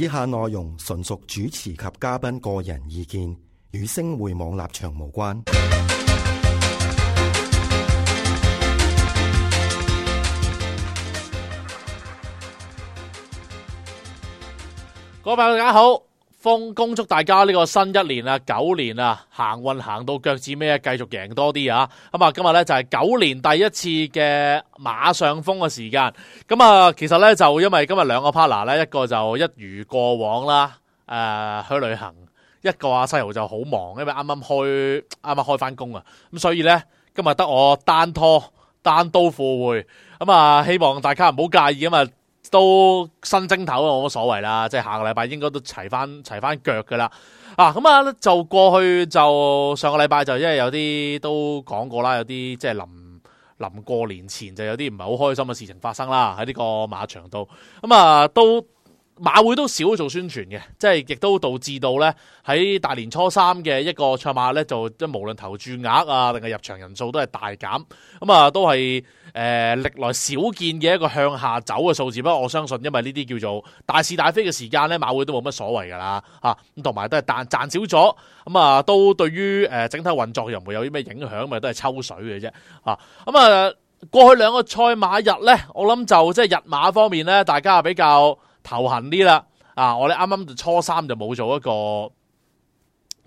以下內容純屬主持及嘉賓個人意見，與星匯網立場無關。各位朋友，大家好。風恭祝大家呢、這個新一年啊，九年啊行運行到腳趾尾啊，繼續贏多啲啊！咁啊，今日咧就係九年第一次嘅馬上瘋嘅時間。咁啊，其實咧就因為今日兩個 partner 咧，一個就一如過往啦，誒、呃、去旅行，一個阿西豪就好忙，因為啱啱開啱啱開返工啊。咁所以咧，今日得我單拖單刀赴會。咁啊，希望大家唔好介意啊嘛。都新正頭啊，我冇乜所謂啦，即係下個禮拜應該都齊翻齊翻腳噶啦啊，咁啊就過去就上個禮拜就因為有啲都講過啦，有啲即係臨臨過年前就有啲唔係好開心嘅事情發生啦，喺呢個馬場度，咁、嗯、啊、嗯、都。馬會都少做宣傳嘅，即係亦都導致到咧喺大年初三嘅一個賽馬咧，就即係無論投注額啊，定係入場人數都係大減咁啊、嗯，都係誒、呃、歷來少見嘅一個向下走嘅數字。不過我相信，因為呢啲叫做大是大非嘅時間咧，馬會都冇乜所謂㗎啦嚇。咁同埋都係賺賺少咗咁啊，都對於誒、呃、整體運作又唔會有啲咩影響，咪都係抽水嘅啫嚇。咁啊、嗯，過去兩個賽馬日咧，我諗就即係日馬方面咧，大家比較頭痕啲啦，啊！我哋啱啱初三就冇做一個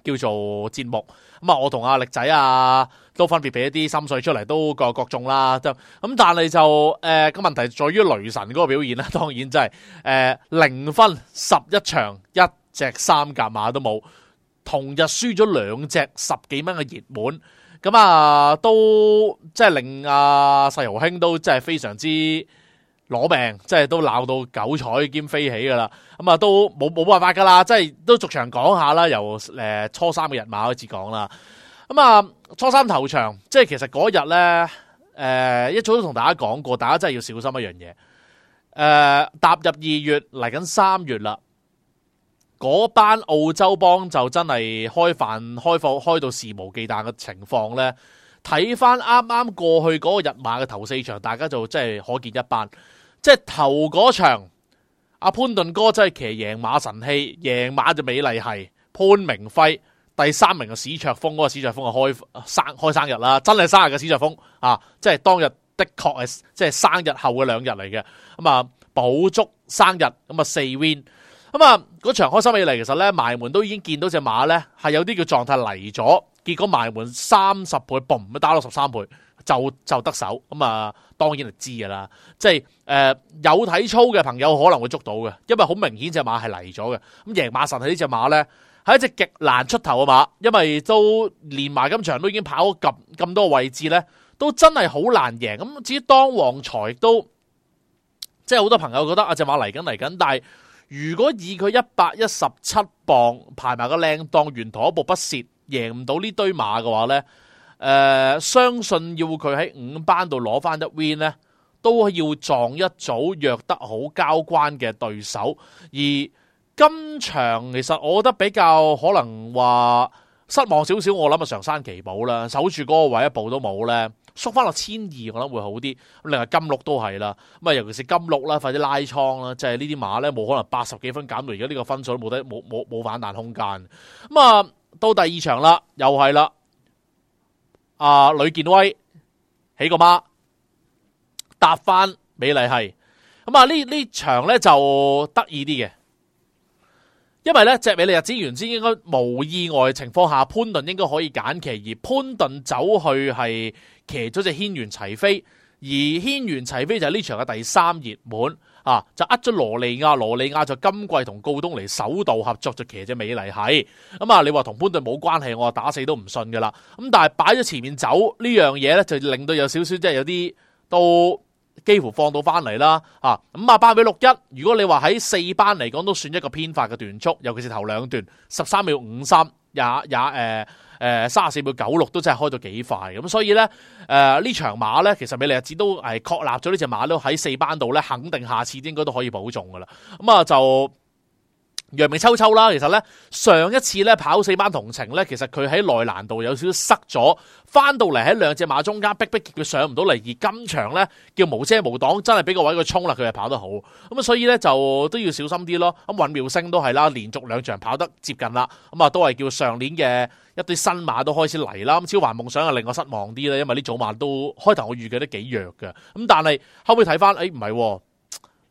叫做節目，咁啊，我同阿力仔啊都分別俾一啲心水出嚟，都各各中啦。咁但係就誒、個、呃、問題在於雷神嗰個表現啦，當然真係誒零分十一場，一隻三甲馬都冇，同日輸咗兩隻十幾蚊嘅熱門，咁啊都即係令阿細豪兄都真係非常之。攞命，即係都鬧到九彩兼飛起噶啦，咁、嗯、啊都冇冇辦法噶啦，即係都逐場講下啦，由誒、呃、初三嘅日馬開始講啦，咁、嗯、啊初三頭場，即係其實嗰日呢，誒、呃、一早都同大家講過，大家真係要小心一樣嘢、呃，踏入二月嚟緊三月啦，嗰班澳洲幫就真係開飯、開放、開到肆無忌憚嘅情況呢。睇翻啱啱過去嗰個日馬嘅頭四場，大家就真係可見一斑。即係頭嗰場，阿潘頓哥真係騎贏馬神器，贏馬就美麗係潘明輝。第三名嘅史卓峰，嗰、嗰個史卓峰啊，開生開生日啦，真係生日嘅史卓峰啊！即係當日的確係即係生日後嘅兩日嚟嘅，咁啊補足生日，咁、嗯、啊四 win，咁啊嗰場開心起嚟，其實咧埋門都已經見到隻馬咧係有啲叫狀態嚟咗，結果埋門三十倍，嘣咪打到十三倍。就就得手咁啊、嗯！當然係知噶啦，即係誒、呃、有體操嘅朋友可能會捉到嘅，因為好明顯隻馬係嚟咗嘅。咁贏馬神係呢隻馬咧，係一隻極難出頭嘅馬，因為都連埋咁長都已經跑咁咁多位置咧，都真係好難贏。咁至於當王財亦都，即係好多朋友覺得啊，隻馬嚟緊嚟緊，但係如果以佢一百一十七磅排埋個靚檔，沿途一步不蝕，贏唔到呢堆馬嘅話咧？誒、呃，相信要佢喺五班度攞翻一 win 呢，都要撞一組弱得好交關嘅對手。而今場其實我覺得比較可能話失望少少，我諗啊，常山奇寶啦，守住嗰個位一步都冇呢，縮翻落千二，我諗會好啲。另外金鹿都係啦，咁啊，尤其是金鹿啦，快啲拉倉啦，即係呢啲馬呢，冇可能八十幾分減到而家呢個分數，冇得冇冇冇反彈空間。咁、嗯、啊，到第二場啦，又係啦。呃嗯、啊！呂健威起個孖搭翻美麗系，咁啊呢呢場咧就得意啲嘅，因為咧隻美麗日子原先應該冇意外情況下潘頓應該可以揀騎，而潘頓走去係騎咗隻軒轅齊飛，而軒轅齊飛就係呢場嘅第三熱門。啊！就呃咗羅利亞，羅利亞就今季同高東尼首度合作就騎隻美麗系咁、嗯、啊！你話同潘頓冇關係，我就打死都唔信噶啦！咁但係擺咗前面走樣呢樣嘢咧，就令到有少少即係有啲都幾乎放到翻嚟啦！啊，五啊八比六一，61，如果你話喺四班嚟講都算一個偏快嘅段速，尤其是頭兩段十三秒五三，也也誒。呃誒三十四秒九六都真係開到幾快咁，所以咧誒呢、呃、場馬咧，其實美利亞子都係確立咗呢隻馬都喺四班度咧，肯定下次應該都可以保重噶啦，咁、嗯、啊就。楊明秋秋啦，其實咧上一次咧跑四班同程咧，其實佢喺內欄度有少少塞咗，翻到嚟喺兩隻馬中間逼逼，佢上唔到嚟。而今場咧叫無遮無擋，真係俾個位佢衝啦，佢係跑得好。咁啊，所以咧就都要小心啲咯。咁尹妙星都係啦，連續兩場跑得接近啦。咁啊，都係叫上年嘅一啲新馬都開始嚟啦。咁超凡夢想又令我失望啲啦，因為呢早晚都開頭我預計都幾弱嘅。咁但係後尾睇翻，誒唔係。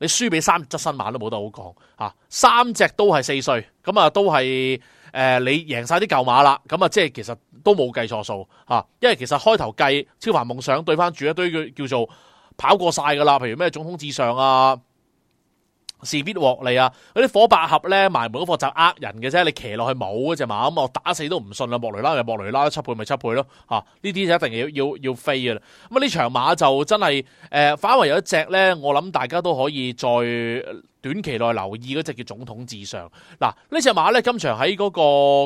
你輸俾三隻新馬都冇得好講嚇，三隻都係四歲，咁啊都係誒、呃、你贏晒啲舊馬啦，咁啊即係其實都冇計錯數嚇、啊，因為其實開頭計超凡夢想對翻住一堆叫叫做「跑過晒」噶啦，譬如咩總統至上啊。事必獲利啊！嗰啲火百合咧，埋門嗰個就呃人嘅啫。你騎落去冇嗰隻馬，咁、嗯、我打死都唔信啊。莫雷拉又莫雷拉，七倍咪七倍咯。吓、啊，呢啲就一定要要要飛嘅啦。咁、嗯、啊，呢場馬就真係誒、呃，反為有一隻咧，我諗大家都可以在短期內留意嗰隻叫總統至上。嗱，隻呢隻馬咧，今場喺嗰、那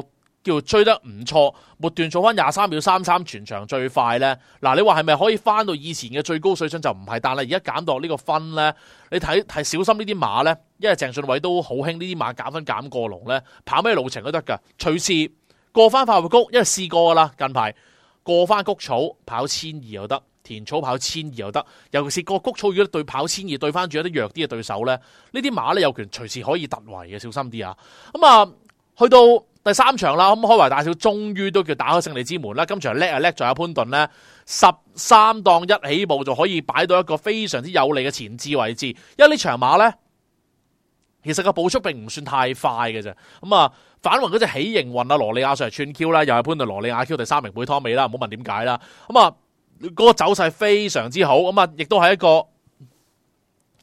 個。叫追得唔錯，末段做翻廿三秒三三，全場最快呢。嗱、啊，你話係咪可以翻到以前嘅最高水準？就唔係，但係而家減落呢個分呢。你睇係小心呢啲馬呢。因為鄭俊偉都好興呢啲馬減分減過龍呢，跑咩路程都得噶，隨時過翻快活谷，因為試過噶啦。近排過翻谷草跑千二又得，田草跑千二又得，尤其是過谷草如果對跑千二對翻住一啲弱啲嘅對手呢，呢啲馬呢有權隨時可以突圍嘅，小心啲啊！咁啊，去到。第三場啦，咁開懷大笑，終於都叫打開勝利之門啦。今場叻啊叻仲有潘頓咧，十三檔一起步就可以擺到一個非常之有利嘅前置位置，因為呢場馬咧其實個步速並唔算太快嘅啫。咁啊，反還嗰隻喜盈運啊，羅利亞上嚟串 Q 啦，又係潘頓羅利亞 Q 第三名背拖尾啦，唔好問點解啦。咁啊，嗰個走勢非常之好，咁啊，亦都係一個。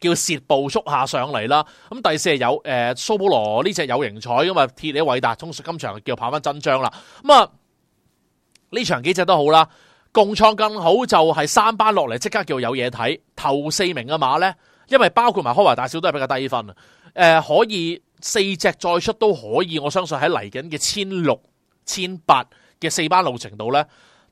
叫舌步縮下上嚟啦，咁第四有誒、呃、蘇寶羅呢隻有型彩噶嘛，鐵里偉達衝今場叫跑翻真章啦，咁啊呢場幾隻都好啦，共創更好就係三班落嚟即刻叫有嘢睇，頭四名嘅馬咧，因為包括埋開懷大小都係比較低分，誒、呃、可以四隻再出都可以，我相信喺嚟緊嘅千六千八嘅四班路程度咧。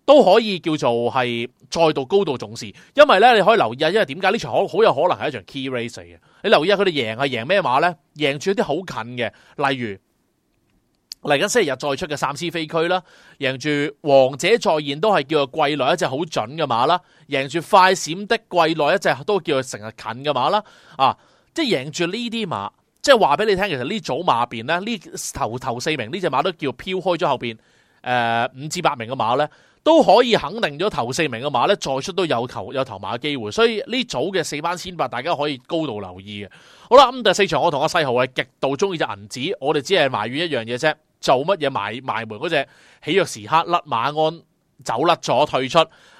都可以叫做係再度高度重視，因為咧，你可以留意下，因為點解呢場好，好有可能係一場 key race 嚟嘅？你留意下佢哋贏係贏咩馬咧？贏住一啲好近嘅，例如嚟緊星期日再出嘅三思飛駒啦，贏住王者再現都係叫做貴內一隻好準嘅馬啦，贏住快閃的貴內一隻都叫做成日近嘅馬啦。啊，即係贏住呢啲馬，即係話俾你聽，其實呢組馬邊咧，呢頭頭四名呢隻馬都叫飄開咗後邊，誒、呃、五至八名嘅馬咧。都可以肯定咗頭四名嘅馬咧，再出都有球有頭馬嘅機會，所以呢組嘅四班千八大家可以高度留意嘅。好啦，咁第四場我同阿細豪係極度中意隻銀紙，我哋只係埋怨一樣嘢啫，做乜嘢買埋門嗰隻喜悅時刻甩馬鞍走甩咗退出，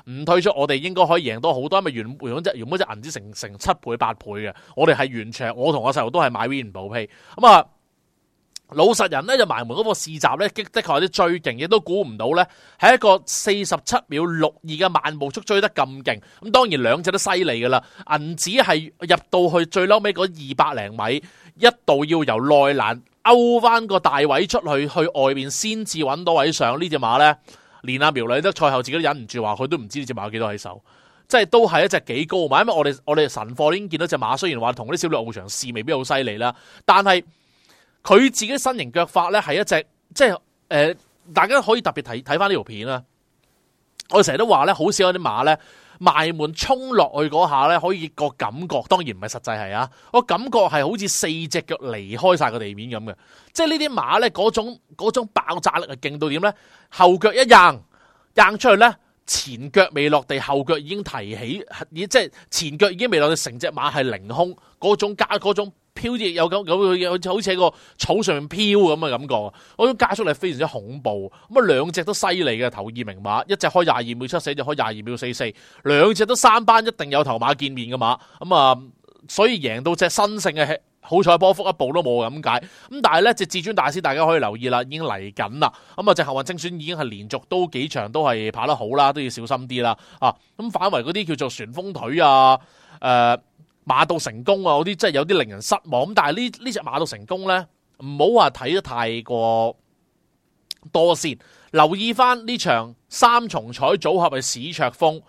唔退出我哋應該可以贏到好多，咪完回嗰隻回嗰隻銀紙成成七倍八倍嘅。我哋係完場，我同我細豪都係買完保批咁啊。老實人咧就埋門嗰個試閘咧，激的確有啲最勁，亦都估唔到咧，係一個四十七秒六二嘅慢步速追得咁勁。咁當然兩隻都犀利噶啦，銀子係入到去最嬲尾嗰二百零米，一度要由內欄勾翻個大位出去，去外面先至揾到位上。隻呢隻馬咧，連阿、啊、苗女都賽後自己都忍唔住話，佢都唔知呢隻馬有幾多位手，即係都係一隻幾高。唔係咩？因為我哋我哋神課已經見到隻馬，雖然話同啲小女好長，試未必好犀利啦，但係，佢自己身形腳法咧，係一隻即係誒、呃，大家可以特別睇睇返呢條片啦。我成日都話咧，好少有啲馬咧，埋門衝落去嗰下咧，可以、嗰個感覺，當然唔係實際係啊。我、嗰個、感覺係、嗰個、好似四隻腳離開晒個地面咁嘅，即係呢啲馬咧，種種爆炸力係勁到點咧？後腳一硬硬出去咧，前腳未落地，後腳已經提起，以即係前腳已經未落地，成隻馬係凌空，種加嗰種。飄啲有咁，咁，好似好似喺一個草上面飄咁嘅感覺啊！嗰、那、種、個、加速力非常之恐怖，咁啊兩隻都犀利嘅頭二名馬，一隻開廿二秒七四，一隻開廿二秒四四，兩隻都三班一定有頭馬見面嘅馬，咁、嗯、啊，所以贏到隻新勝嘅好彩波幅一步都冇咁解，咁但係咧隻至尊大師大家可以留意啦，已經嚟緊啦，咁啊隻幸運精選已經係連續都幾場都係跑得好啦，都要小心啲啦啊！咁、嗯、反為嗰啲叫做旋風腿啊，誒、呃。馬到成功啊！嗰啲真係有啲令人失望咁，但係呢呢隻馬到成功咧，唔好話睇得太過多先，留意翻呢場三重彩組合嘅史卓峰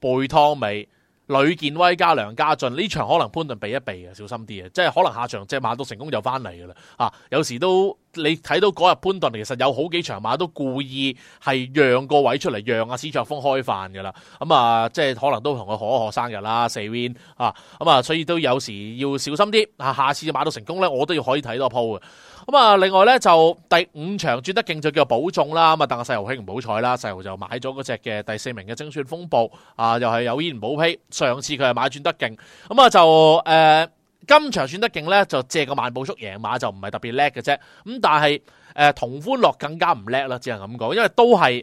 貝湯美。呂建威加梁家俊呢場，可能潘頓避一避啊，小心啲啊，即係可能下場即係馬到成功就翻嚟嘅啦。啊，有時都你睇到嗰日潘頓其實有好幾場馬都故意係讓個位出嚟，讓阿、啊、司卓峰開飯嘅啦。咁啊，即係可能都同佢賀一賀生日啦，四 win 啊，咁啊，所以都有時要小心啲啊。下次馬到成功咧，我都要可以睇多鋪嘅。咁啊，另外咧就第五場轉得勁就叫保重啦，咁啊，但係細豪兄唔好彩啦，細豪就買咗嗰隻嘅第四名嘅精選風暴，啊，又係有依唔好批，上次佢係買轉得勁，咁、嗯、啊就誒、呃，今場轉得勁咧就借個慢步速贏馬就唔係特別叻嘅啫，咁但係誒、呃、同歡樂更加唔叻啦，只能咁講，因為都係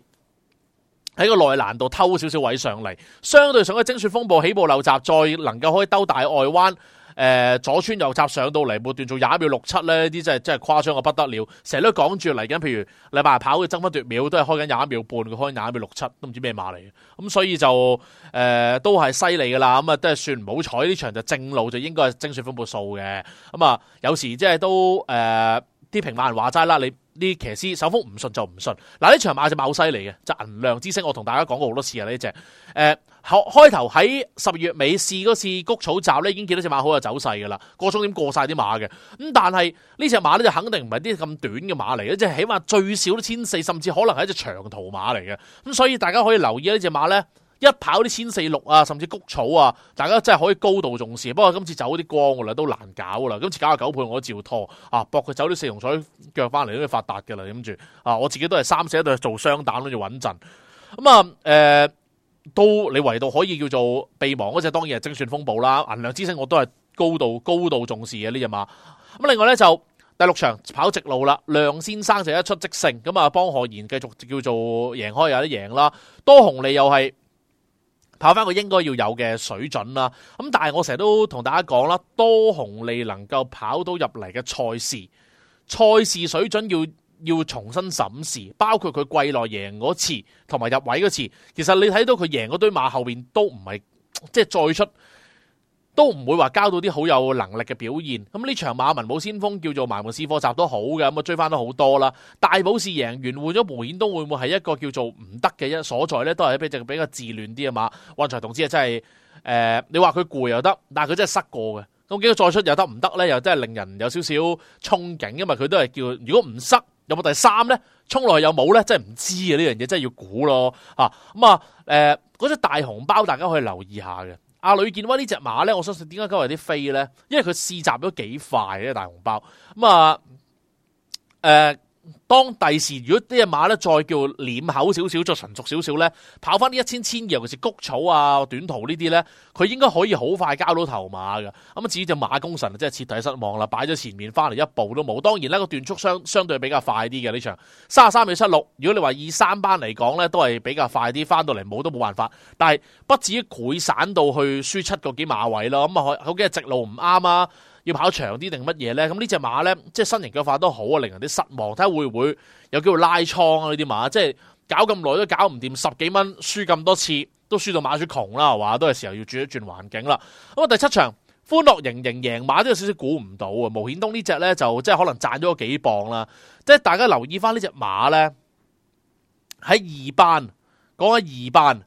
喺個內欄度偷少少位上嚟，相對上嘅精選風暴起步漏閘，再能夠可以兜大外彎。誒、呃，左穿右插上到嚟，末段做廿一秒六七咧，啲真係真係誇張到不得了。成日都講住嚟緊，譬如禮拜跑嘅爭分奪秒，都係開緊廿一秒半，佢開廿一秒六七，都唔知咩馬嚟嘅。咁所以就誒、呃，都係犀利㗎喇。咁、嗯、啊，都係算唔好彩呢場就正路就應該係精算分布數嘅。咁、嗯、啊，有時即係都誒。呃啲評馬人話齋啦，你啲騎師手風唔順就唔順。嗱、啊，呢場馬隻馬好犀利嘅，就是、銀亮之星。我同大家講過好多次啊，呢隻誒開開頭喺十月尾試嗰次谷草集咧，已經見到隻馬好有走勢噶啦，個終點過晒啲馬嘅。咁但係呢隻馬咧就肯定唔係啲咁短嘅馬嚟嘅，即係起碼最少都千四，甚至可能係一隻長途馬嚟嘅。咁所以大家可以留意呢隻馬咧。一跑啲千四六啊，甚至谷草啊，大家真係可以高度重視。不過今次走啲光噶啦，都難搞啦。今次搞下九倍我都照拖啊，搏佢走啲四龍彩腳翻嚟都發達噶啦，諗住啊，我自己都係三四喺度做雙膽咯，都要穩陣。咁、嗯、啊，誒、呃，都你唯到可以叫做備忘嗰隻，當然係精算風暴啦，銀量之星我都係高度高度重視嘅呢隻馬。咁、嗯、另外咧就第六場跑直路啦，梁先生就一出即勝，咁啊幫何賢繼續叫做贏開有得贏啦，多紅利又係。跑返個應該要有嘅水準啦。咁但係我成日都同大家講啦，多紅利能夠跑到入嚟嘅賽事，賽事水準要要重新審視，包括佢季內贏嗰次同埋入位嗰次。其實你睇到佢贏嗰堆馬後面都唔係，即係再出。都唔會話交到啲好有能力嘅表現，咁呢場馬文武先鋒叫做埋門斯科集都好嘅，咁啊追翻都好多啦。大寶士贏完換咗梅遠都會唔會係一個叫做唔得嘅一所在咧？都係一匹比較自亂啲嘅嘛。運財同志啊，真係誒、呃，你話佢攰又得，但係佢真係塞過嘅。咁幾個再出又得唔得咧？又真係令人有少少憧憬，因為佢都係叫如果唔塞有冇第三咧？衝落去又冇咧，真係唔知、這個、啊！呢樣嘢真係要估咯吓咁啊誒，嗰、呃、隻大紅包大家可以留意下嘅。阿呂、啊、建威呢隻馬咧，我相信點解今日啲飛咧？因為佢試閘咗幾快嘅大紅包，咁、嗯、啊，誒、呃。當第時，如果呢隻馬咧再叫臉厚少少，再純熟少少咧，跑翻呢一千千尤其是谷草啊、短途呢啲咧，佢應該可以好快交到頭馬嘅。咁啊，至於隻馬功臣真即係徹底失望啦，擺咗前面翻嚟一步都冇。當然啦，個段速相相對比較快啲嘅呢場三十三秒七六，33, 76，如果你話二三班嚟講咧，都係比較快啲，翻到嚟冇都冇辦法。但係不至於潰散到去輸七嗰幾個馬位咯，咁啊，好嘅直路唔啱啊。要跑長啲定乜嘢呢？咁呢隻馬呢，即係身形腳法都好啊，令人啲失望。睇下會唔會有機會拉倉啊？呢啲馬即係搞咁耐都搞唔掂，十幾蚊輸咁多次，都輸到馬主窮啦，係嘛？都係時候要轉一轉環境啦。咁啊，第七場歡樂盈盈贏馬都有少少估唔到啊！毛顯東呢隻呢，就即係可能賺咗幾磅啦。即係大家留意翻呢隻馬呢，喺二班講緊二班。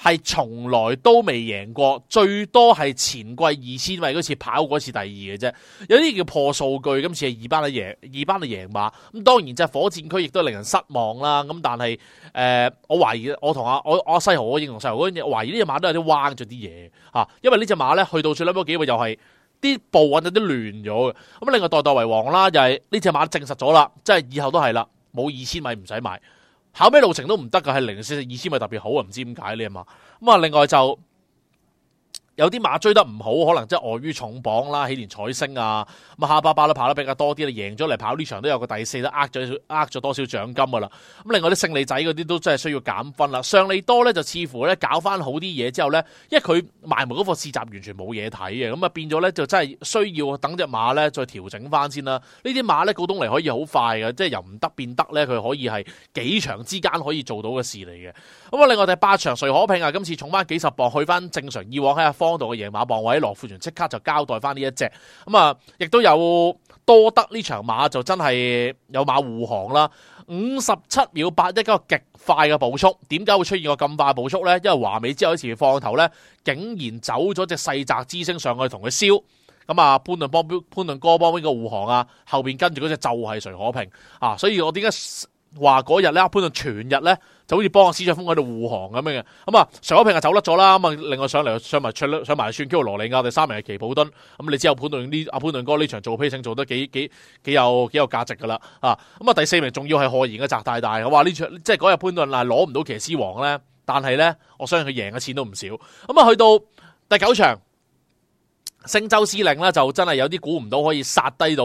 係從來都未贏過，最多係前季二千米嗰次跑過一次第二嘅啫。有啲叫破數據，今次係二班嘅贏，二班嘅贏馬。咁當然就係火箭區亦都令人失望啦。咁但係，誒、呃，我懷疑，我同阿我阿細豪，我認同細豪嗰啲嘢，懷疑呢隻馬都有啲彎咗啲嘢吓。因為隻呢隻馬咧去到最諗咗幾位，又係啲步穩都啲亂咗嘅。咁、啊、另外代代為王啦，又係呢隻馬證實咗啦，即係以後都係啦，冇二千米唔使買。考咩路程都唔得㗎，係零四二千米特別好啊？唔知點解你啊嘛？咁啊，另外就。有啲馬追得唔好，可能即係礙於重磅啦，起連彩星啊，咁啊哈巴巴都跑得比較多啲，贏咗嚟跑呢場都有個第四都呃咗呃咗多少獎金㗎喇。咁另外啲勝利仔嗰啲都真係需要減分啦。上利多咧就似乎咧搞翻好啲嘢之後咧，因為佢埋沒嗰個試習完全冇嘢睇嘅，咁啊變咗咧就真係需要等隻馬咧再調整翻先啦。呢啲馬咧股東嚟可以好快嘅，即係由唔得變得咧，佢可以係幾場之間可以做到嘅事嚟嘅。咁啊，另外第八場誰可拼啊？今次重翻幾十磅去翻正常以往喺當度嘅野馬傍位，羅富全即刻就交代翻呢一隻，咁、嗯、啊，亦都有多得呢場馬就真係有馬護航啦。五十七秒八一，一個極快嘅步速，點解會出現個咁快嘅步速咧？因為華美之後一次放頭咧，竟然走咗隻細澤之星上去同佢燒，咁、嗯、啊，潘頓幫潘頓哥幫邊個護航啊？後邊跟住嗰隻就係徐可平啊！所以我點解？話嗰日咧，阿潘頓全日咧就好似幫阿市卓峰喺度護航咁樣嘅，咁啊上一平係走甩咗啦，咁啊另外上嚟上埋上埋算叫羅尼亞第三名係奇普敦，咁你知阿潘頓呢阿潘頓哥呢場做披勝做得幾幾幾有幾有價值㗎喇，啊，咁啊第四名仲要係賀賢嘅澤大大，我話呢場即係嗰日潘頓嗱攞唔到騎師王咧，但係咧我相信佢贏嘅錢都唔少，咁啊去到第九場。星州司令咧就真係有啲估唔到可以殺低到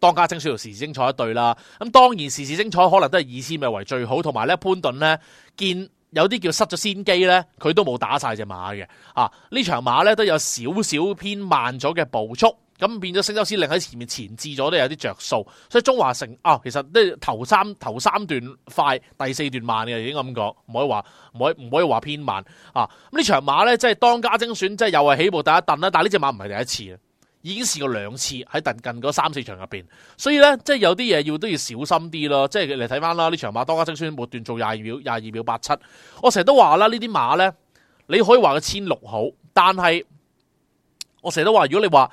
當家精選同時時精彩一對啦，咁當然時時精彩可能都係以千米為最好，同埋咧潘頓呢見有啲叫失咗先機咧，佢都冇打晒隻馬嘅，啊呢場馬咧都有少少偏慢咗嘅步速。咁變咗，星州司令喺前面前置咗都有啲着數，所以中華城啊、哦，其實即係頭三頭三段快，第四段慢嘅，應該咁講，唔可以話，唔可以唔可以話偏慢啊！咁呢場馬咧，即係當家精選，即係又係起步第一頓啦，但係呢隻馬唔係第一次啊，已經試過兩次喺近嗰三四場入邊，所以咧，即係有啲嘢要都要小心啲咯，即係你睇翻啦，呢場馬當家精選末段做廿二秒廿二秒八七，我成日都話啦，呢啲馬咧，你可以話個千六好，但係我成日都話，如果你話。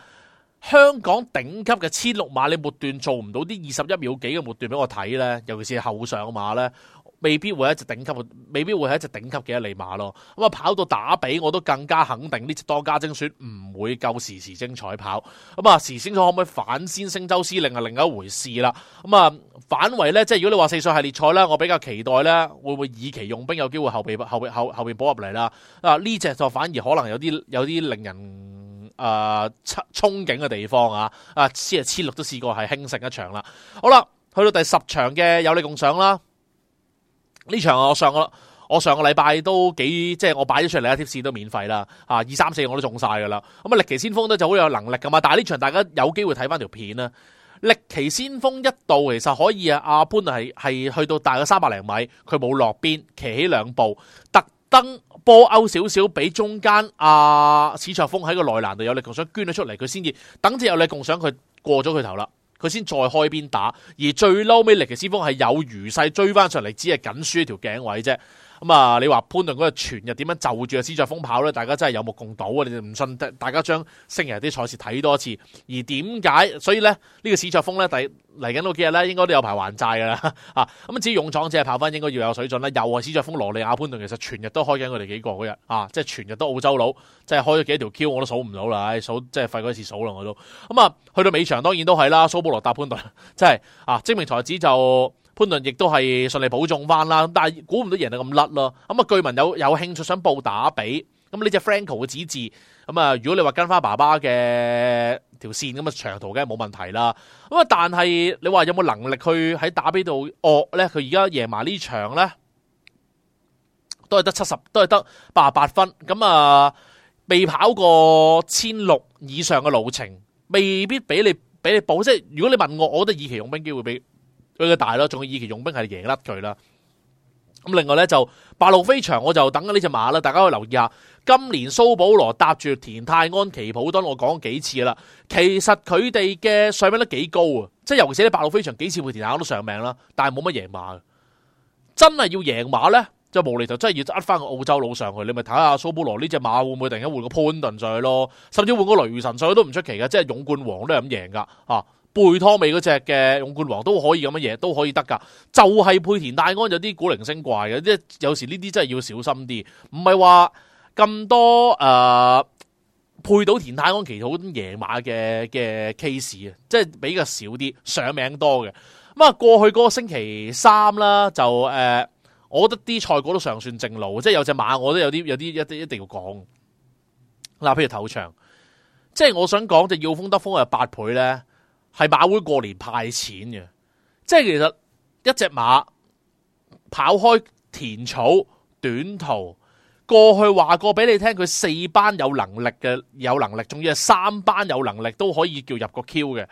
香港頂級嘅千六馬，你末段做唔到啲二十一秒幾嘅末段俾我睇咧，尤其是後上馬咧，未必會係一隻頂級，未必會係一隻頂級嘅一哩馬咯。咁、嗯、啊，跑到打比，我都更加肯定呢隻多加精選唔會夠時時精彩跑。咁、嗯、啊，時星賽可唔可以反先？星洲司令係另一回事啦。咁、嗯、啊，反為咧，即係如果你話四歲系列賽啦，我比較期待咧，會唔會以期用兵有機會後備後備後後備補入嚟啦？啊，呢隻就反而可能有啲有啲令人，啊、呃！憧憬嘅地方啊！啊，先係千六都試過係輕勝一場啦。好啦，去到第十場嘅有你共賞啦。呢場我上個我上個禮拜都幾即係我擺咗出嚟啦貼士都免費啦。啊，二三四我都中晒噶啦。咁啊，力奇先鋒都就好有能力噶嘛。但係呢場大家有機會睇翻條片啦。力奇先鋒一度其實可以啊，阿、啊、潘係係去到大約三百零米，佢冇落邊，騎起兩步，特登。波勾少少俾中間，阿、啊、史卓峰喺個內欄度有力共想捐咗出嚟，佢先至等至。有力共想佢過咗佢頭啦，佢先再開邊打。而最嬲尾力奇先鋒係有餘勢追翻上嚟，只係緊輸條頸位啫。咁啊、嗯，你話潘頓嗰日全日點樣就住啊？史卓豐跑咧，大家真係有目共睹啊！你哋唔信，大家將星期日啲賽事睇多次，而點解？所以咧，這個、史呢個史卓豐咧，第嚟緊嗰幾日咧，應該都有排還債噶啦啊！咁、嗯、至於勇闖者跑分應該要有水準啦，又啊，史卓豐羅利亞潘頓其實全日都開緊佢哋幾個嗰日啊，即係全日都澳洲佬，即係開咗幾條 Q 我都數唔到啦、哎，數即係費鬼次數啦我都。咁、嗯、啊，去到尾場當然都係啦，蘇保羅搭潘頓，即係啊，證明才子就。潘頓亦都係順利保中翻啦，但係估唔到贏得咁甩咯。咁啊，據聞有有興趣想報打比，咁呢隻 Frankel 嘅指示，咁啊，如果你話跟翻爸爸嘅條線，咁啊長途梗係冇問題啦。咁啊，但係你話有冇能力去喺打比度惡咧？佢而家贏埋呢場咧，都係得七十，都係得八十八分。咁啊，未跑過千六以上嘅路程，未必俾你俾你保。即係如果你問我，我都以期用兵機會俾俾佢大咯，仲要以奇用兵係贏甩佢啦。咁另外咧就白路飛翔，我就等緊呢隻馬啦。大家可以留意下，今年蘇保羅搭住田泰安祈普，當我講咗幾次啦。其實佢哋嘅上名都幾高啊，即係尤其是啲白路飛翔幾次換田泰安都上名啦，但係冇乜贏馬。真係要贏馬咧，就係無理就真係要呃翻個澳洲佬上去。你咪睇下蘇保羅呢隻馬會唔會突然間換個潘頓上去咯，甚至換個雷神上去都唔出奇嘅，即係勇冠王都係咁贏噶啊！背拖尾嗰隻嘅勇冠王都可以咁嘅嘢，都可以得㗎，就係、是、配田泰安有啲古靈精怪嘅，即係有時呢啲真係要小心啲，唔係話咁多誒、呃、配到田泰安其實好野馬嘅嘅 case 啊，即係比較少啲上名多嘅，咁啊過去嗰個星期三啦，就誒、呃，我覺得啲賽果都尚算正路，即係有隻馬我都有啲有啲一一定要講，嗱，譬如頭場，即係我想講就要風得風係八倍咧。係馬會過年派錢嘅，即係其實一隻馬跑開田草短途過去，話過俾你聽，佢四班有能力嘅，有能力，仲要係三班有能力都可以叫入個 Q 嘅。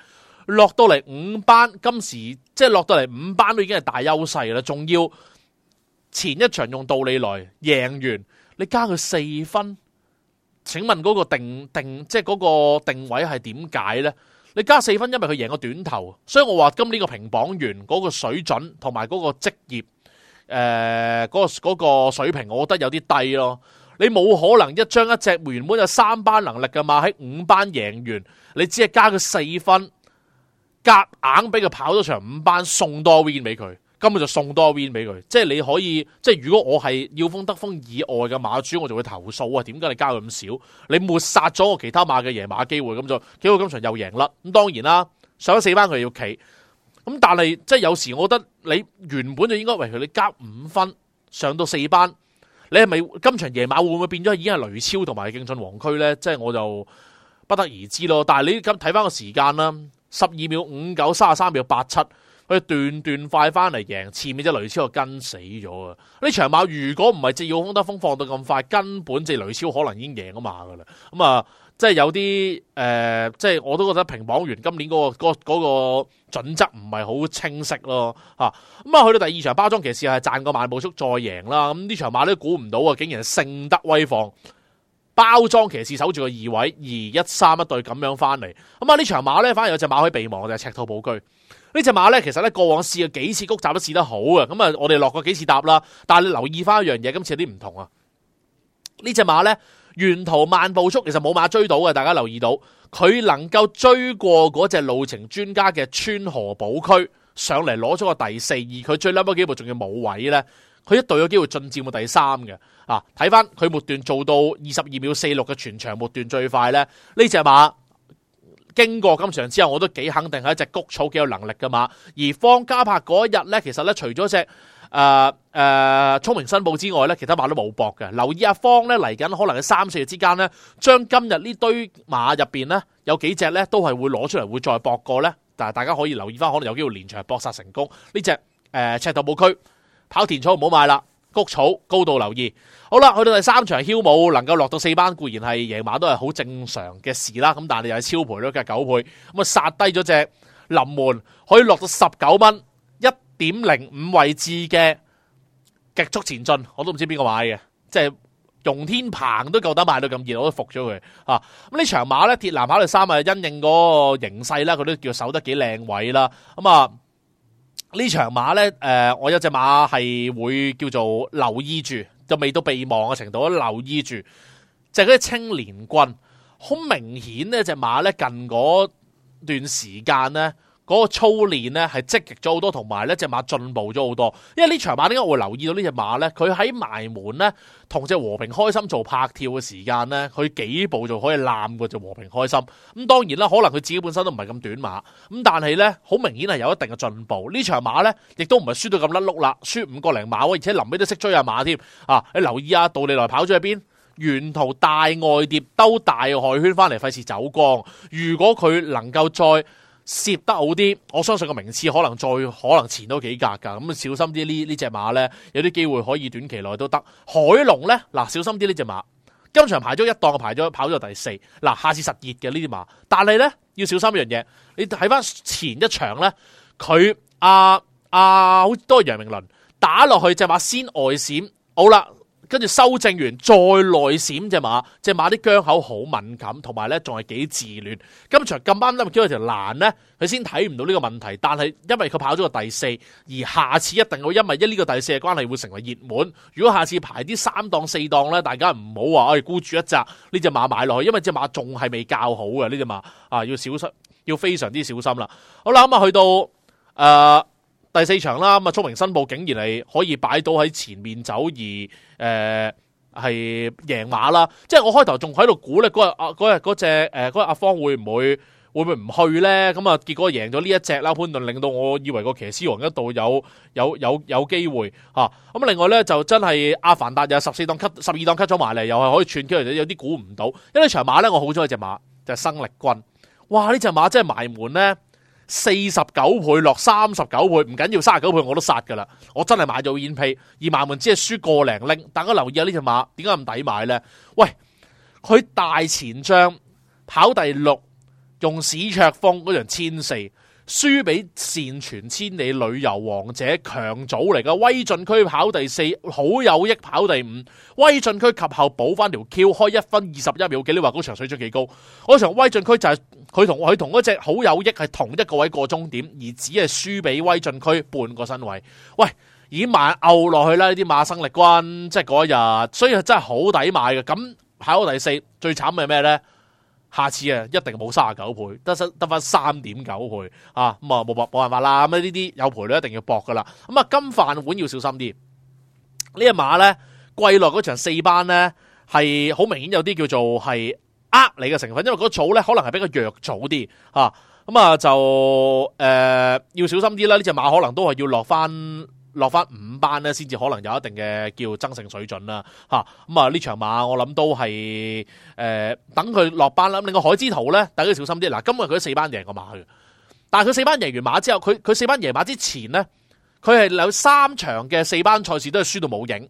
落到嚟五班，今時即係落到嚟五班都已經係大優勢啦。仲要前一場用道理來贏完，你加佢四分，請問嗰個定定即係嗰個定位係點解呢？你加四分，因為佢贏個短頭，所以我話今呢個評磅員嗰個水準同埋嗰個職業誒，嗰、呃嗰個嗰、嗰個水平，我覺得有啲低咯。你冇可能一張一隻原本有三班能力噶嘛，喺五班贏完，你只係加佢四分，夾硬俾佢跑咗場五班，送多 win 俾佢。根本就送多 win 俾佢，即係你可以，即係如果我係要風得風以外嘅馬主，我就會投訴啊！點解你加咁少？你抹殺咗我其他馬嘅夜馬機會，咁就結果今場又贏啦！咁當然啦，上咗四班佢要企。咁但係即係有時我覺得你原本就應該為佢你加五分，上到四班，你係咪今場夜馬會唔會變咗已經係雷超同埋競進王區呢？即係我就不得而知咯。但係你咁睇翻個時間啦，十二秒五九三十三秒八七。佢段段快翻嚟贏，前面隻雷超就跟死咗啊！呢場馬如果唔係隻要空得風放到咁快，根本隻雷超可能已經贏咗嘛噶啦！咁、嗯、啊，即係有啲誒、呃，即係我都覺得平榜員今年嗰、那個嗰嗰、那個、準則唔係好清晰咯嚇。咁啊，去到第二場包裝騎士係賺個慢步速再贏啦。咁呢場馬咧估唔到啊，竟然勝得威放包裝騎士守住個二位二一三一對咁樣翻嚟。咁、嗯、啊，呢場馬咧反而有隻馬可以避亡，就係、是、赤兔寶居。隻呢隻馬咧，其實咧過往試過幾次谷閘都試得好啊。咁、嗯、啊我哋落過幾次搭啦。但係你留意翻一樣嘢，今次有啲唔同啊。隻呢隻馬咧，沿途慢步速，其實冇馬追到嘅。大家留意到，佢能夠追過嗰隻路程專家嘅川河寶區上嚟攞咗個第四，而佢最嬲嗰幾步仲要冇位咧，佢一隊有機會進佔個第三嘅。啊，睇翻佢末段做到二十二秒四六嘅全場末段最快咧，呢隻馬。經過今場之後，我都幾肯定係一隻谷草，幾有能力嘅馬。而方家柏嗰一日呢，其實呢，除咗隻誒誒聰明新報之外呢，其他馬都冇搏嘅。留意阿、啊、方呢，嚟緊，可能喺三四日之間呢，將今日呢堆馬入邊呢，有幾隻呢都係會攞出嚟，會再搏過呢。但係大家可以留意翻，可能有機會連場搏殺成功呢隻誒赤道布區跑田草唔好買啦。谷草高度留意，好啦，去到第三場囂舞，能夠落到四班固然係贏馬都係好正常嘅事啦，咁但係又係超賠率嘅九倍，咁啊殺低咗隻臨門，可以落到十九蚊一點零五位置嘅極速前進，我都唔知邊個買嘅，即係容天鵬都夠膽買到咁熱，我都服咗佢啊！咁呢場馬咧，鐵男跑第三啊，因應嗰個形勢啦，佢都叫守得幾靚位啦，咁啊。呢場馬咧，誒、呃，我有隻馬係會叫做留意住，就未到備忘嘅程度，留意住，就嗰、是、啲青年軍，好明顯呢隻馬咧近嗰段時間咧。嗰個操練咧係積極咗好多，同埋咧隻馬進步咗好多。因為呢場馬點解我會留意到呢隻馬咧？佢喺埋門咧，同隻和平開心做拍跳嘅時間咧，佢幾步就可以攬過隻和平開心。咁當然啦，可能佢自己本身都唔係咁短馬，咁但係咧好明顯係有一定嘅進步。呢場馬咧，亦都唔係輸到咁甩碌啦，輸五個零馬，而且臨尾都識追下馬添啊！你留意啊，杜利來跑咗去邊？沿途大外碟兜大外圈翻嚟，費事走光。如果佢能夠再～蝕得好啲，我相信個名次可能再可能前多幾格噶，咁、嗯、小心啲呢呢隻馬呢，有啲機會可以短期內都得。海龍呢，嗱小心啲呢隻馬，今場排咗一檔，排咗跑咗第四，嗱下次實熱嘅呢隻馬，但係呢，要小心一樣嘢，你睇返前一場呢，佢啊啊，好、啊、多楊明綸打落去隻馬先外閃，好啦。跟住修正完再內閃，隻馬，隻馬啲韁口好敏感，同埋咧仲係幾自戀。今場咁啱，因咪叫咗條欄咧，佢先睇唔到呢個問題。但係因為佢跑咗個第四，而下次一定會因為呢個第四嘅關係會成為熱門。如果下次排啲三檔四檔咧，大家唔好話我哋孤注一擲呢隻馬買落去，因為隻馬仲係未較好嘅呢隻馬啊，要小心，要非常之小心啦。好啦，咁啊去到啊。呃第四場啦，咁啊，聰明申報竟然係可以擺到喺前面走而，而誒係贏馬啦。即係我開頭仲喺度估咧，嗰日阿日只誒嗰阿方會唔會會唔會唔去咧？咁啊，結果贏咗呢一隻啦。潘頓令到我以為個騎師王一度有有有有機會吓。咁、啊、另外咧就真係阿、啊、凡達又十四檔吸十二檔吸咗埋嚟，又係可以串跟嚟。有啲估唔到，因為呢場馬咧我好中意隻馬，就係、生力軍。哇！呢隻馬真係埋門咧～四十九倍落三十九倍，唔緊要，三十九倍我都殺噶啦！我真係買咗軟屁，而萬蚊只係輸個零拎。大家留意下呢隻馬點解唔抵買呢？喂，佢大前仗跑第六，用史卓峰嗰場千四，輸俾善傳千里旅遊王者強組嚟噶。威進區跑第四，好有益跑第五。威進區及後補翻條 Q 開一分二十一秒幾？你話嗰場水準幾高？嗰場威進區就係、是。佢同佢同嗰隻好有益係同一個位過終點，而只係輸俾威進區半個身位。喂，已經馬牛落去啦！呢啲馬生力軍即係嗰一日，所以真係好抵買嘅。咁跑到第四最慘係咩咧？下次啊，一定冇三十九倍，得得返三點九倍啊！咁啊，冇冇冇辦法啦！咁啊，呢啲有賠率一定要搏噶啦。咁、嗯、啊，金飯碗要小心啲。呢一馬咧，季落嗰場四班咧，係好明顯有啲叫做係。呃、啊，你嘅成分，因為嗰組咧可能係比較弱組啲，吓咁啊、嗯、就誒、呃、要小心啲啦。呢隻馬可能都係要落返落返五班咧，先至可能有一定嘅叫爭勝水準啦，吓咁啊呢、嗯嗯、場馬我諗都係誒、呃、等佢落班啦、嗯。令呢個海之圖咧，大家小心啲。嗱、啊，今日佢四班贏個馬去，但係佢四班贏完馬之後，佢佢四班贏馬之前咧，佢係有三場嘅四班賽事都係輸到冇影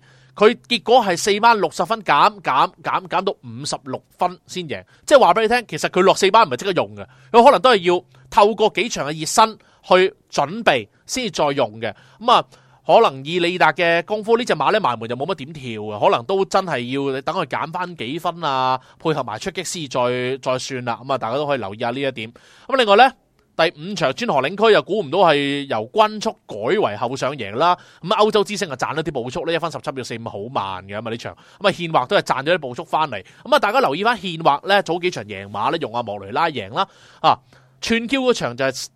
而。佢結果係四班六十分減減減減，減到五十六分先贏，即係話俾你聽，其實佢落四班唔係即刻用嘅，佢可能都係要透過幾場嘅熱身去準備，先至再用嘅。咁、嗯、啊，可能以李達嘅功夫隻呢隻馬咧埋門就冇乜點跳啊，可能都真係要你等佢減翻幾分啊，配合埋出擊先再再算啦。咁、嗯、啊，大家都可以留意下呢一點。咁、嗯、另外呢。第五場專河領區又估唔到係由均速改為後上贏啦，咁歐洲之星啊賺咗啲步速咧，一分十七秒四五好慢嘅嘛呢場，咁啊現畫都係賺咗啲步速翻嚟。咁啊大家留意翻現畫呢，早幾場贏馬呢，用阿莫雷拉贏啦啊，串 Q 嗰場就係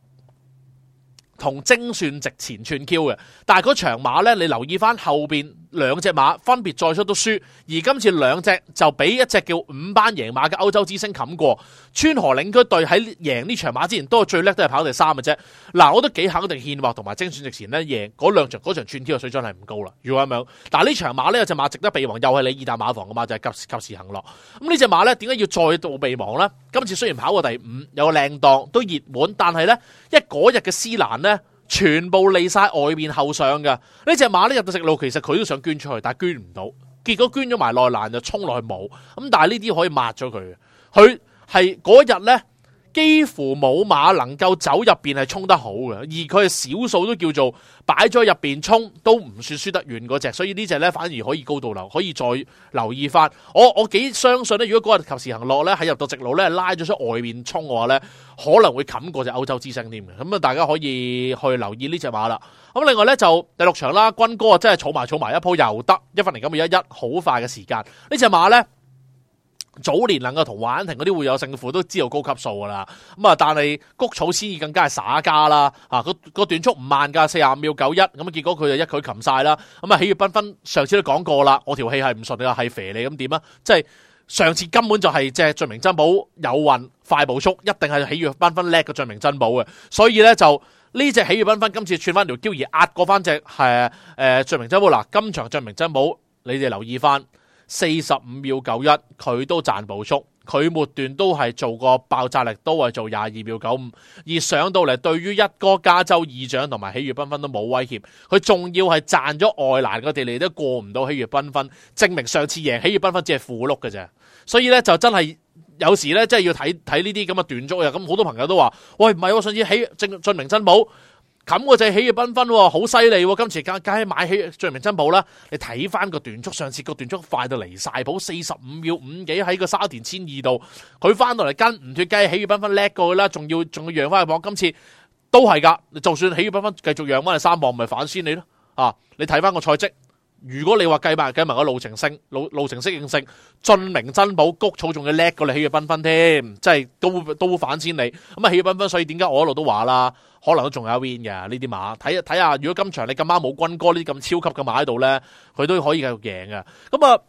同精算值前串 Q 嘅，但係嗰場馬呢你留意翻後邊。兩隻馬分別再出都輸，而今次兩隻就俾一隻叫五班贏馬嘅歐洲之星冚過。川河領區隊喺贏呢場馬之前都都，都係最叻都係跑第三嘅啫。嗱，我都幾肯定憲話同埋精選值前呢贏嗰兩場，嗰場串跳嘅水準係唔高啦。如果咁樣，但呢場馬呢有隻馬值得備忘，又係你二大馬房嘅馬，就係、是、及時及時行樂。咁呢隻馬呢，點解要再度備忘呢？今次雖然跑過第五，有個靚檔都熱門，但係呢，一嗰日嘅思蘭呢。全部利晒外面後上嘅呢隻馬呢，入到直路，其實佢都想捐出去，但係捐唔到，結果捐咗埋內欄就衝落去冇。咁但係呢啲可以抹咗佢，佢係嗰日呢。幾乎冇馬能夠走入邊係衝得好嘅，而佢係少數都叫做擺咗入邊衝都唔算輸得遠嗰隻，所以呢隻呢，反而可以高度留，可以再留意翻。我我幾相信呢，如果嗰日及時行樂呢，喺入到直路呢，拉咗出外面衝嘅話呢，可能會冚過隻歐洲之星添嘅。咁啊，大家可以去留意呢隻馬啦。咁另外呢，就第六場啦，軍哥啊真係儲埋儲埋一鋪又得一分零九秒一一好快嘅時間，呢隻馬呢。早年能夠同華庭嗰啲會有勝負都知道高級數噶啦，咁啊但係谷草先至更加係耍家啦，啊個個短速唔慢噶四十五秒九一，咁啊結果佢就一舉擒晒啦，咁啊喜悅繽紛上次都講過啦，我條氣係唔順，你話係肥你咁點啊？即係、就是、上次根本就係即係罪名珍寶有運快步速，一定係喜悅繽紛叻過罪名珍寶嘅，所以咧就呢隻喜悅繽紛今次串翻條嬌兒壓過翻隻誒誒罪名珍寶嗱，今場罪名珍寶你哋留意翻。四十五秒九一，佢都賺步速；佢末段都係做個爆炸力，都係做廿二秒九五。而上到嚟，對於一哥加州議長同埋喜悅繽紛都冇威脅，佢仲要係賺咗外欄個地利都過唔到喜悅繽紛，證明上次贏喜悅繽紛只係負碌嘅啫。所以咧，就真係有時咧，真係要睇睇呢啲咁嘅段足啊。咁好多朋友都話喂，唔係我上次喜證明真冇。冚個隻喜悅繽紛，好犀利！今次介介買起，證明珍寶啦。你睇翻個段速，上次個段速快到嚟晒，補四十五秒五幾喺個沙田千二度，佢翻到嚟跟唔脱雞，喜悅繽紛叻過啦，仲要仲要讓翻去磅，今次都係噶。就算喜悅繽紛繼續讓翻去三磅，咪反先你咯啊！你睇翻個賽績。如果你話計埋計埋個路程性路路程適應性，駿明珍寶谷草仲要叻過你，你，喜樂繽紛添，即係都都反先你咁啊！喜樂繽紛，所以點解我一路都話啦，可能都仲有 win 嘅呢啲馬，睇一睇下，如果今場你咁啱冇軍哥呢啲咁超級嘅馬喺度咧，佢都可以繼續贏嘅。咁啊！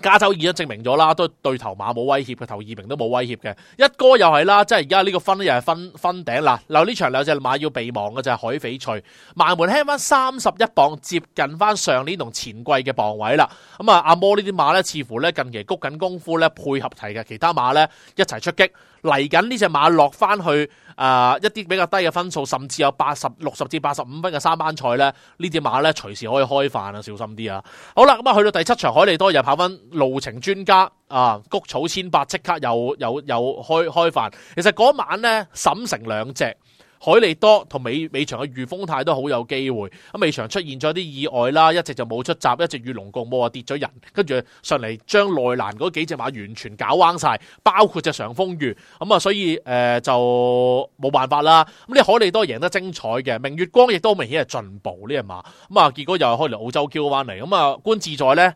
加州已經證明咗啦，都對頭馬冇威脅嘅，頭二名都冇威脅嘅。一哥又係啦，即係而家呢個分又係分分頂嗱。嗱呢場兩隻馬要備望嘅就係、是、海翡翠，萬門輕翻三十一磅，接近翻上年同前季嘅磅位啦。咁啊，阿摩呢啲馬呢，似乎咧近期谷緊功夫咧，配合齊嘅其他馬呢，一齊出擊，嚟緊呢隻馬落翻去。啊、呃！一啲比較低嘅分數，甚至有八十六十至八十五分嘅三班賽咧，呢啲馬咧隨時可以開飯啊！小心啲啊！好啦，咁啊去到第七場，海利多又跑翻路程專家啊，穀、呃、草千百即刻又又又，又開開飯。其實嗰晚呢，審成兩隻。海利多同美美場嘅御風態都好有機會，咁美場出現咗啲意外啦，一直就冇出閘，一直與龍共舞啊跌咗人，跟住上嚟將內欄嗰幾隻馬完全搞彎晒，包括隻常風月，咁啊所以誒、呃、就冇辦法啦。咁呢海利多贏得精彩嘅，明月光亦都明顯係進步呢隻馬，咁啊結果又係開嚟澳洲叫翻嚟，咁啊觀自在咧。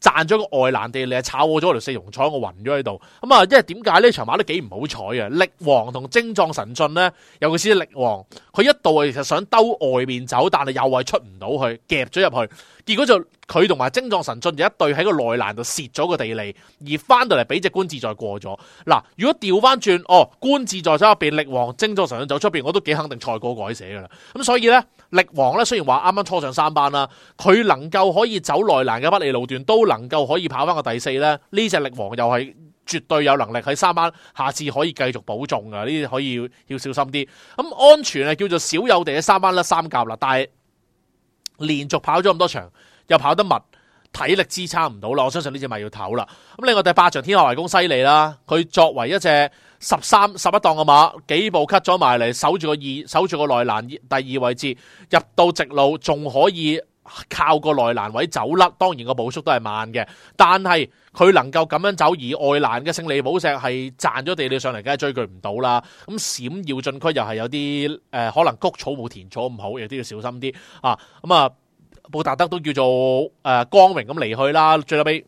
賺咗個外欄地利，炒過咗我條四龍彩，我暈咗喺度。咁啊，因為點解呢場馬都幾唔好彩啊？力王同精壯神駿咧，尤其是力王，佢一度其實想兜外面走，但係又係出唔到去，夾咗入去。結果就佢同埋精壯神駿就一對喺個內欄度蝕咗個地利，而翻到嚟俾隻官字再過咗。嗱，如果調翻轉，哦，官字在手入邊，力王精壯神駿走出邊，我都幾肯定賽果改寫噶啦。咁所以咧。力王咧，雖然話啱啱初上三班啦，佢能夠可以走內欄嘅不利路段，都能夠可以跑翻個第四咧。呢隻力王又係絕對有能力喺三班，下次可以繼續保重噶。呢啲可以要小心啲。咁安全係叫做少有地嘅三班甩三甲啦，但係連續跑咗咁多場，又跑得密，體力支撐唔到啦，我相信呢隻咪要唞啦。咁另外第八場天下圍攻犀利啦，佢作為一隻十三十一檔嘅馬，幾步 cut 咗埋嚟，守住個二，守住個內欄第二位置，入到直路仲可以靠個內欄位走甩。當然個步速都係慢嘅，但係佢能夠咁樣走，而外欄嘅勝利寶石係賺咗地利上嚟，梗係追佢唔到啦。咁閃耀進區又係有啲誒，可能谷草冇田草唔好，亦都要小心啲啊。咁、嗯、啊。布達德都叫做誒光明咁離去啦，最後尾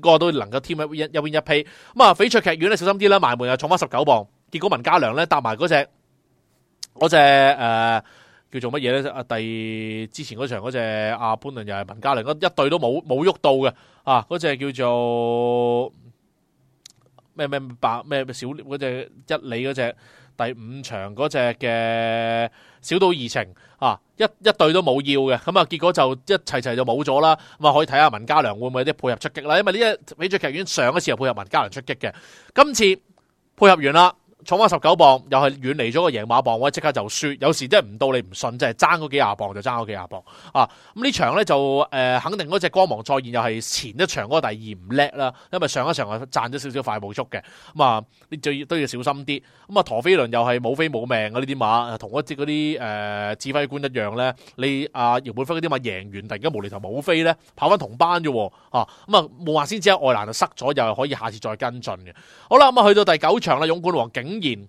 個都能夠添一一邊一批。咁啊，翡翠劇院咧小心啲啦，埋門又重翻十九磅。結果文家良咧搭埋嗰隻嗰隻誒叫做乜嘢咧？啊，第之前嗰場嗰隻阿潘頓又係文家良，一隊都冇冇喐到嘅啊！嗰隻叫做咩咩白咩小嗰隻一里嗰隻。第五場嗰隻嘅小島二情，啊，一一對都冇要嘅，咁啊結果就一齊齊就冇咗啦。咁啊可以睇下文家良會唔會一啲配合出擊啦？因為呢一美劇劇院上一次就配合文家良出擊嘅，今次配合完啦。重咗十九磅，又係遠離咗個贏馬磅位，即刻就輸。有時真係唔到你唔信，真係爭嗰幾廿磅就爭嗰幾廿磅啊！咁呢場咧就誒、呃，肯定嗰隻光芒再現，又係前一場嗰個第二唔叻啦，因為上一場係賺咗少少快步速嘅咁啊，你最都要小心啲。咁啊，陀飛輪又係冇飛冇命嘅呢啲馬，同一隻嗰啲誒指揮官一樣咧。你啊姚本輝嗰啲馬贏完突然間無厘頭冇飛咧，跑翻同班啫喎咁啊，冇、嗯、話先知，外欄就塞咗，又係可以下次再跟進嘅。好啦，咁啊去到第九場啦，勇冠王，王，警王警竟然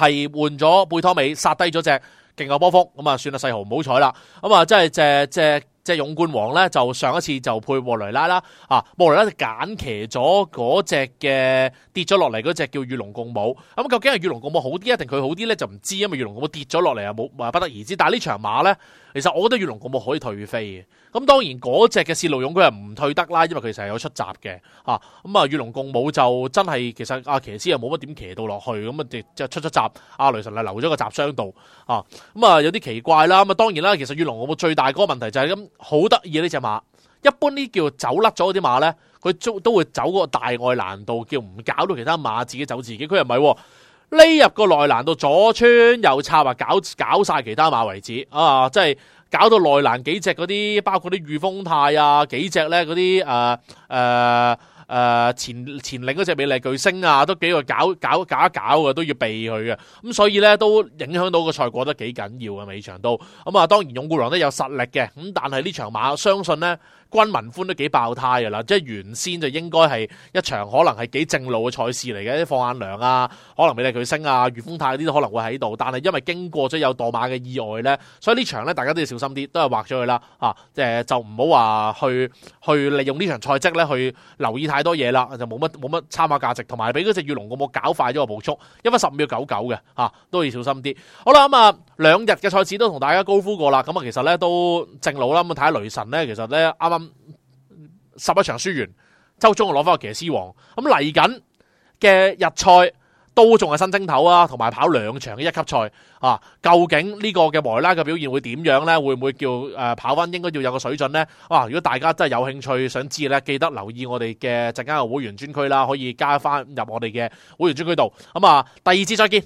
係換咗貝托美，殺低咗隻勁牛波幅，咁啊算啦細豪唔好彩啦，咁、嗯、啊即係只只隻勇冠王咧就上一次就配莫雷拉啦，啊莫雷拉就揀騎咗嗰隻嘅跌咗落嚟嗰隻叫與龍共舞，咁、嗯、究竟係與龍共舞好啲啊定佢好啲咧就唔知，因為與龍共舞跌咗落嚟又冇話不得而知，但係呢場馬咧。其實我覺得御龍共舞可以退飛嘅，咁當然嗰隻嘅線路勇佢係唔退得啦，因為佢成日有出閘嘅，吓咁啊御龍、嗯、共舞就真係其實阿騎師又冇乜點騎到落去，咁、嗯、啊就出咗閘，阿、啊、雷神係留咗個閘箱度，啊咁啊、嗯嗯、有啲奇怪啦，咁啊當然啦，其實御龍共舞最大嗰個問題就係咁好得意呢隻馬，一般呢叫走甩咗啲馬咧，佢都都會走嗰個大外難度叫唔搞到其他馬自己走自己，佢又唔係。匿入個內欄度左穿右插啊，搞搞晒其他馬為止啊！即係搞到內欄幾隻嗰啲，包括啲御風泰啊，幾隻咧，嗰啲誒誒誒前前領嗰隻美麗巨星啊，都幾個搞搞搞，搞一搞嘅，都要避佢嘅。咁所以咧都影響到個賽果得幾緊要嘅，尾場都咁啊、嗯。當然，勇固郎都有實力嘅，咁但係呢場馬相信咧。軍民歡都幾爆胎嘅啦，即係原先就應該係一場可能係幾正路嘅賽事嚟嘅，啲放眼涼啊，可能美麗巨星啊，越風泰嗰啲都可能會喺度，但係因為經過咗有墮馬嘅意外咧，所以場呢場咧大家都要小心啲，都係畫咗佢啦嚇，誒、啊呃、就唔好話去去利用呢場賽績咧去留意太多嘢啦，就冇乜冇乜參考價值，同埋俾嗰隻越龍個我搞快咗個步速，因為十五秒九九嘅嚇，都要小心啲。好啦咁啊。嗯嗯兩日嘅賽事都同大家高呼過啦，咁啊其實咧都正路啦。咁睇下雷神咧，其實咧啱啱十一場輸完，周中又攞翻個騎師王。咁嚟緊嘅日賽都仲係新蒸頭啊，同埋跑兩場嘅一級賽啊。究竟呢個嘅維拉嘅表現會點樣咧？會唔會叫誒、呃、跑翻應該要有個水準咧？哇、啊！如果大家真係有興趣想知咧，記得留意我哋嘅陣間嘅會員專區啦，可以加翻入我哋嘅會員專區度。咁啊，第二次再見。